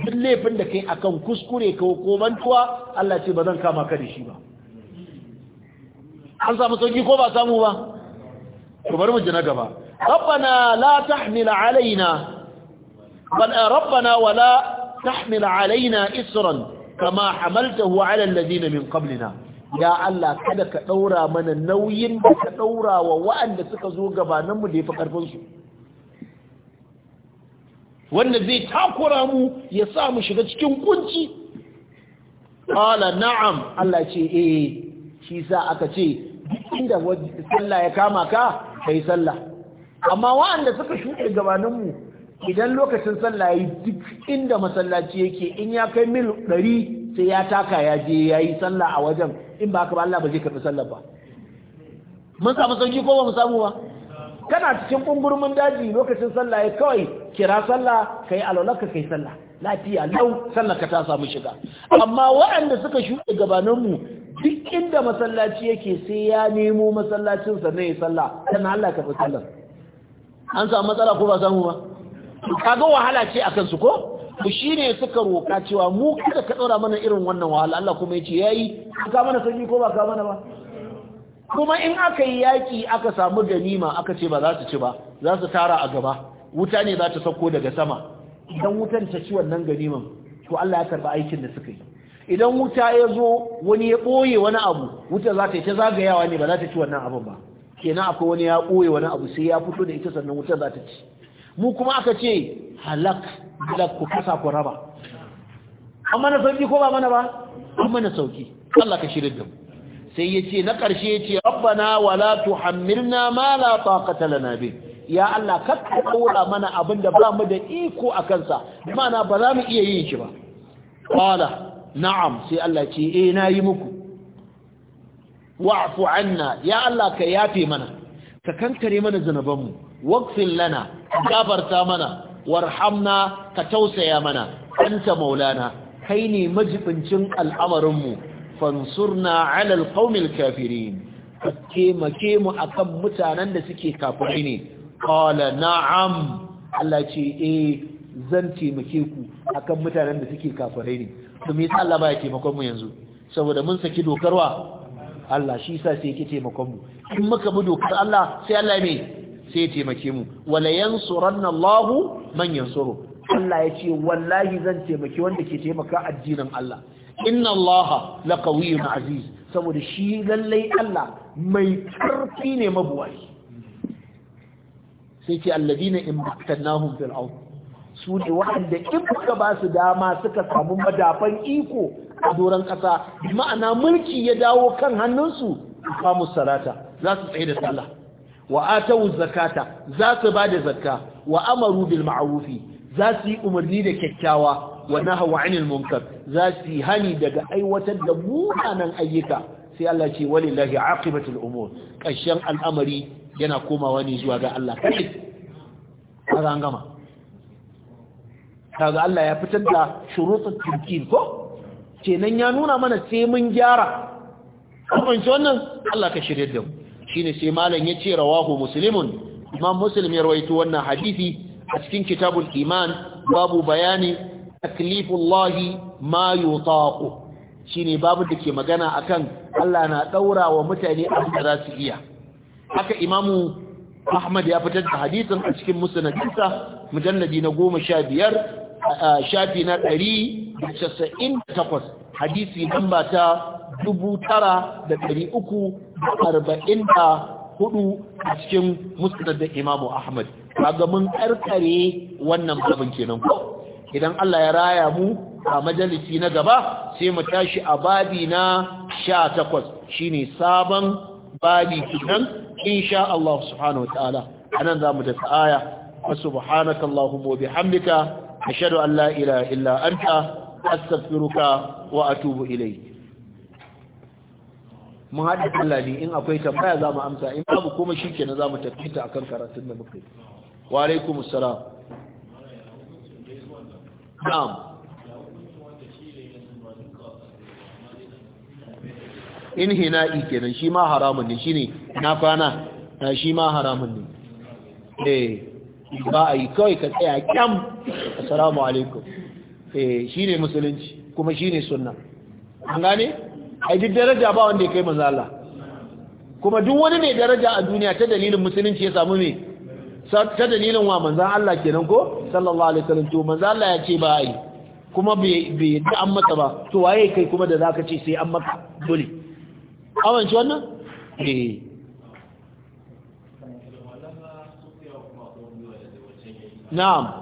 duk laifin da kai akan kuskure ko ko mantuwa Allah ce ba zan kama ka da shi ba an samu sauki ko ba samu ba to bari mu ji na gaba ربنا لا تحمل علينا بل ربنا ولا تحمل علينا إسرا كما حملته على الذين من قبلنا يا الله kada ka daura mana nauyin da ka daura wa waɗanda suka zo gabanin da yafi karfin su wanda zai takura mu ya sa mu shiga cikin kunci qala na'am Allah ce eh shi sa aka ce inda sallah ya kama ka kai sallah amma waɗanda suka shuɗe gabanin idan lokacin sallah yi duk inda masallaci yake in ya kai mil ɗari sai ya taka ya je ya yi sallah a wajen in ba ka ba Allah ba zai karɓi sallah ba mun samu sauki ko ba mu samu ba kana cikin kumburmin daji lokacin sallah ya kawai kira sallah ka kai alwalarka kai sallah lafiya lau sallah ka ta samu shiga amma waɗanda suka shuɗe gabaninmu duk inda masallaci yake sai ya nemo masallacinsa na ya sallah Kana Allah ka fi sallah an samu matsala ko ba samu ba kaga wahala ce akan su ko ku shine suka roka cewa mu kada ka daura mana irin wannan wahala Allah kuma yace yayi ka mana sauki ko ba ka mana ba kuma in aka yi yaki aka samu ganima aka ce ba za su ci ba za su tara a gaba wuta ne za ta sauko daga sama idan wutan ta ci wannan ganiman to Allah ya karba aikin da suka yi idan wuta ya zo wani ya ɓoye wani abu wuta za ta yi ta zagayawa ne ba za ta ci wannan abin ba kenan akwai wani ya boye wani abu sai ya fito da ita sannan wutar za ta ci mu kuma aka ce halak halak ku kasa ku raba an mana sauki ko ba mana ba an mana sauki Allah ka shirin da mu sai ya ce na ƙarshe ya ce rabbana wala tuhammilna ma la taqata lana bi ya Allah ka kaura mana abin da ba mu da iko a kansa mana ba za mu iya yin shi ba qala na'am sai Allah ce eh nayi muku wa'fu anna ya Allah ka yafe mana ka kankare mana zanabanmu waqfil lana gafarta mana warhamna ka tausaya mana anta maulana kai ne majibincin al'amarinmu fansurna ala alqaumil kafirin taimake mu akan mutanen da suke kafirai ne qala na'am Allah ce eh zan taimake ku akan mutanen da suke kafirai ne to me yasa Allah baya taimakon mu yanzu saboda mun saki dokarwa Allah shi yasa sai yake taimakon mu in muka bi dokar Allah sai Allah ne sai taimake mu wala yansuranna Allahu man yansuru Allah ya ce wallahi zan taimaki wanda ke taimaka addinin Allah inna Allaha laqawiyyun aziz saboda shi lallai Allah mai karfi ne mabuwai sai ce alladina in fil ard su ne waɗanda in suka ba su dama suka samu madafan iko a doron ƙasa ma'ana mulki ya dawo kan hannunsu kamus salata za su tsaye da sallah wa atawu zakata za su ba da zakka wa amaru bil ma'rufi za su yi umarni da kyakkyawa wa nahawu anil munkar za su yi hani daga aiwatar da munanan ayyuka sai Allah ce walillahi aqibatul umur kashin al'amari yana komawa ne zuwa ga Allah kai kaga an gama kaga Allah ya fitar da shurutut tilkin ko kenan ya nuna mana sai mun gyara kuma wannan Allah ka shirye da mu shine sai malam yace rawahu muslimun imam muslim ya rawaito wannan hadisi a cikin kitabul iman babu bayani taklifullahi ma yutaqu shine babu da ke magana akan Allah na daura wa mutane abin da za su iya haka imamu Ahmad ya fitar da hadisin a cikin musnadinsa mujalladi na 15 shafi na 198 hadisi namba ta 9300 arba'in da hudu a cikin musnad da imamu ahmad kaga mun karkare wannan babin kenan ko idan Allah ya raya mu a majalisi na gaba sai mu tashi a babi na sha 18 shine sabon babi kenan insha Allah subhanahu wataala anan zamu da aya subhanaka allahumma wa bihamdika ashhadu an la ilaha illa anta astaghfiruka wa atubu ilayk mun haɗa Allah ne in akwai tambaya za mu amsa in babu kuma shi kenan za mu tafi ta akan karatun da muka yi wa alaikum assalam na'am in hina'i kenan shi ma haramun ne shine na kwana na shi ma haramun ne eh ba a yi kawai ka tsaya kyam assalamu alaikum eh shine musulunci kuma shine sunna an gane ai duk daraja ba wanda ya kai manzo Allah kuma duk wani mai daraja a duniya ta dalilin musulunci ya samu me ta dalilin wa manzo Allah kenan ko sallallahu alaihi wasallam to manzo Allah ya ce ba ai kuma bai bai an maka ba to waye kai kuma da zaka ce sai an maka dole awanci wannan eh na'am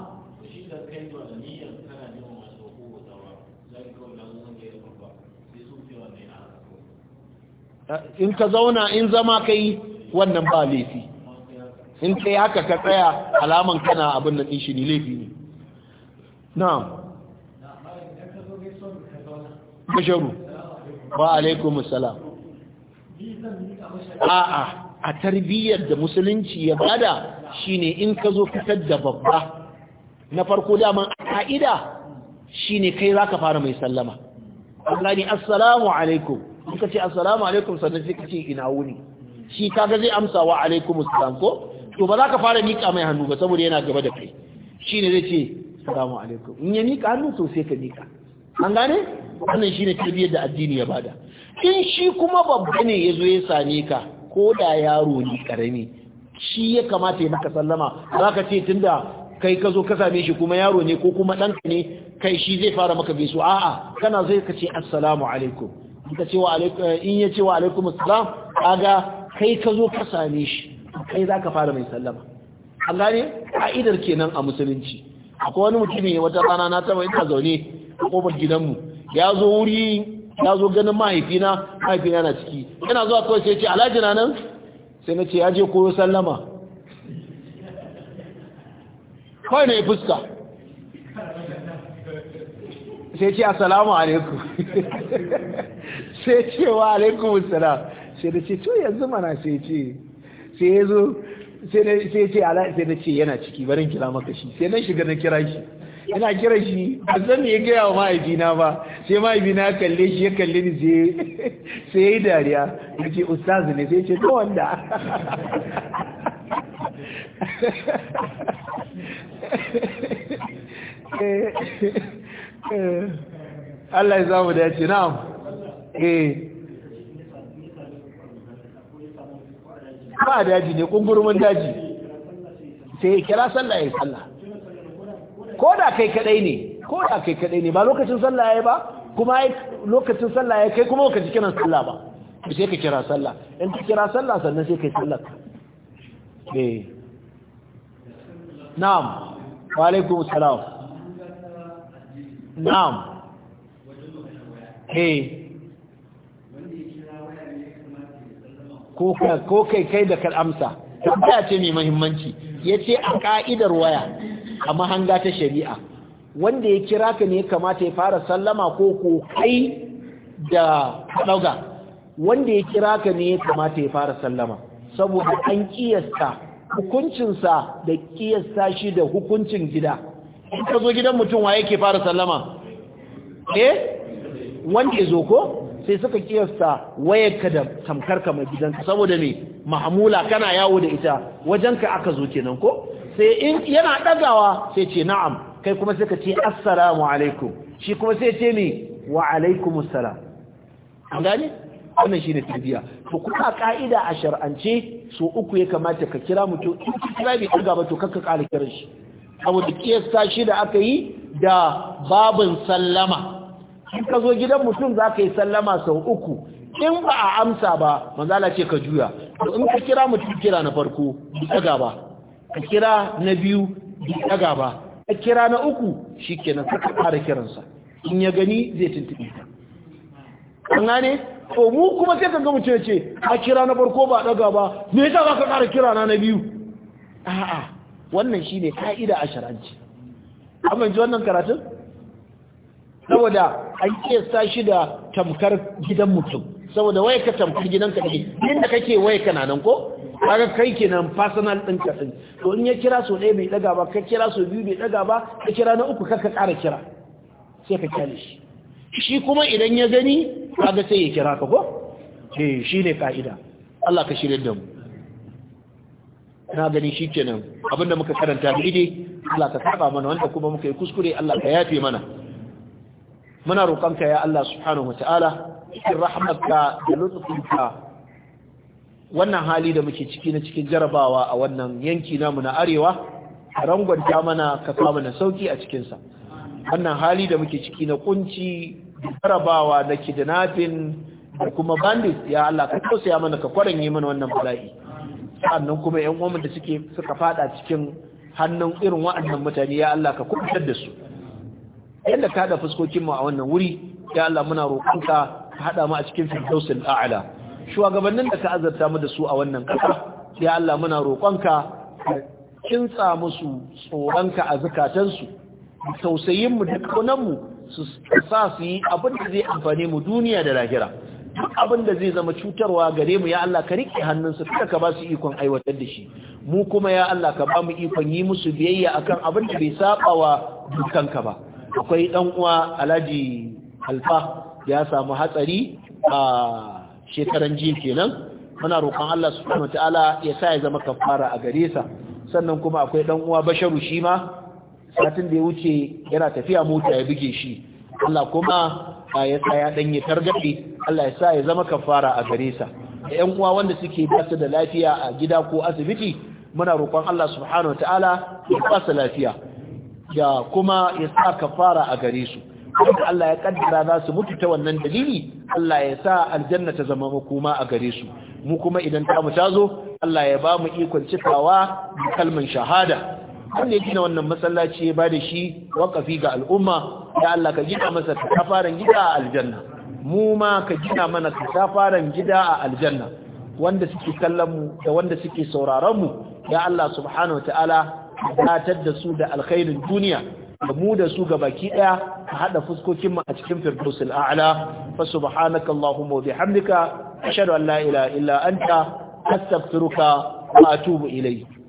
in ka zauna in zama ka yi wannan ba laifi in kai haka ka tsaya alaman kana abin da shi ne laifi ne na'am basharu wa alaikum salam a'a a tarbiyyar da musulunci ya bada shine in ka zo fitar da babba na farko daman ka'ida shine kai zaka fara mai sallama Allah ni assalamu alaikum in ka ce assalamu alaikum sannan sai ka ce ina wuni shi kaga zai amsa wa alaikum assalam ko to ba za ka fara miƙa mai hannu ba saboda yana gaba da kai shine zai ce assalamu alaikum in ya miƙa hannu to sai ka miƙa an gane wannan shine tarbiyyar da addini ya bada in shi kuma babba ne ya zo ya same ka ko da yaro ne karami shi ya kamata ya maka sallama za ka ce tunda kai ka zo ka same shi kuma yaro ne ko kuma ɗanka ne kai shi zai fara maka bisu a'a kana zai ka ce assalamu alaikum ka ce wa eh, in ya ce wa alaikum assalam kaga kai ka zo ka same shi kai za ka fara mai sallama an gane ka'idar kenan a musulunci akwai wani mutumi wata rana na taba ina zaune a kofar gidanmu ya zo wuri ya zo ganin mahaifina mahaifina na ciki yana zuwa kawai sai ce alhaji na nan sai na ce ya je koyo sallama kawai na yi fuska sai ce assalamu alaikum sai cewa alaikum salam sai da ce to yanzu mana sai ce sai ya zo sai ce ala sai da ce yana ciki barin kira maka shi sai nan shiga na kira shi ina kira shi ba zan ya gaya wa mahaifina ba sai mahaifina ya kalle shi ya kalle ni sai ya yi dariya ya ce ustaz ne sai ce to wanda eh, eh, Allah ya zamu dace na'am eh ba daji ne kungurumin daji sai kira sallah ya yi sallah ko da kai kadai ne ko da kai kadai ne ba lokacin sallah ya yi ba kuma lokacin sallah ya kai kuma ka ji kiran sallah ba sai ka kira sallah in ka kira sallah sannan sai ka yi sallah eh na'am wa alaikum salam na'am eh ko kai kai da kar amsa tambaya ce mai muhimmanci ce a ka'idar waya a mahanga ta shari'a wanda ya kira ka ne kamata ya fara sallama ko ko kai da dauga wanda ya kira ka ne kamata ya fara sallama saboda an kiyasta hukuncinsa da kiyasta shi da hukuncin gida in ka zo gidan mutum wa yake fara sallama eh wanda ya zo ko sai suka kiyasta wayarka da tamkar mai gidanka saboda me mahamula kana yawo da ita wajenka aka zo kenan ko sai in yana dagawa sai ce na'am kai kuma sai ka ce assalamu alaikum shi kuma sai ce me wa alaikumus salam an gane wannan shine tarbiya to kuma ka'ida a shar'ance so uku ya kamata ka kira mutum in ki kira bai daga ba to ka kara kiran shi saboda kiyasta shi da aka yi da babun sallama in ka zo gidan mutum za ka yi sallama sau uku in ba a amsa ba manzala ce ka juya to in ka kira mutum kira na farko daga ba ka kira na biyu daga ba ka kira na uku shi kenan ka fara kiransa in ya gani zai tuntuɓe ka an gane to mu kuma sai ka ga mutum ce a kira na farko ba daga ba me yasa za ka ƙara kira na na biyu a'a wannan shine ka'ida a shar'anci amma ji wannan karatun saboda an sa shi da tamkar gidan mutum saboda waye ka tamkar gidanka ne inda kake waye ka nan ko kaga kai kenan personal din ka din to in ya kira so ɗaya bai daga ba ka kira so biyu bai daga ba ka kira na uku kar ka ƙara kira sai ka kyale shi shi kuma idan ya gani kaga sai ya kira ka ko eh shine ka'ida Allah ka shirye da mu na gani shi kenan abinda muka karanta ide Allah ka saba mana wanda kuma muka yi kuskure Allah ka yafe mana muna roƙonka ya Allah subhanahu wataala cikin rahmatka da lutfinka wannan hali da muke ciki na cikin jarabawa a wannan yanki namu na arewa rangwanta mana ka sa mana sauki a cikin sa wannan hali da muke ciki na kunci jarabawa na kidnapping da kuma bandit ya Allah ka tausaya mana ka kwarenye mana wannan bala'i sannan kuma yan uwan da suke suka fada cikin hannun irin waɗannan mutane ya Allah ka kuɓutar da su yadda ka haɗa fuskokinmu a wannan wuri ya Allah muna roƙonka ka haɗa mu a cikin firdausul a'la shugabannin da ka azarta mu da su a wannan ƙasa ya Allah muna roƙonka ka kintsa musu tsoronka a zakatansu tausayin mu da kaunan mu su sa su yi abin da zai amfane mu duniya da lahira duk abin da zai zama cutarwa gare mu ya Allah ka rike hannunsu kada ka ba su ikon aiwatar da shi mu kuma ya Allah ka ba mu ikon yi musu biyayya akan abin da bai saba wa dukanka ba akwai ɗan uwa Alhaji Alfa ya samu hatsari a shekaran jin kenan muna roƙon Allah subhanahu wataala ya sa ya zama kafara a gare sa sannan kuma akwai ɗan uwa Basharu shi ma satin da ya wuce yana tafiya mota ya buge shi Allah kuma ya sa ya danye targaɗe Allah ya sa ya zama kafara a gare sa yan uwa wanda suke su da lafiya a gida ko asibiti muna roƙon Allah subhanahu wataala ya ba su lafiya ya kuma ya sa kafara a gare su wanda Allah ya kaddara za su mutu ta wannan dalili Allah ya sa aljanna ta zama makoma a gare su mu kuma idan ta mu tazo Allah ya ba mu ikon cikawa da kalman shahada wanda ya gina wannan masallaci ya bada shi wakafi ga al'umma ya Allah ka gina masa kafaran gida a aljanna mu ma ka gina mana kafaran gida a aljanna wanda suke kallon mu da wanda suke sauraron mu ya Allah subhanahu wa ta'ala datar da su da alkhairin duniya da mu da su baki daya a hada fuskokinmu a cikin firdausul a'la fa subhanaka allahumma wa bihamdika ashhadu an la ilaha illa anta astaghfiruka wa atubu ilayk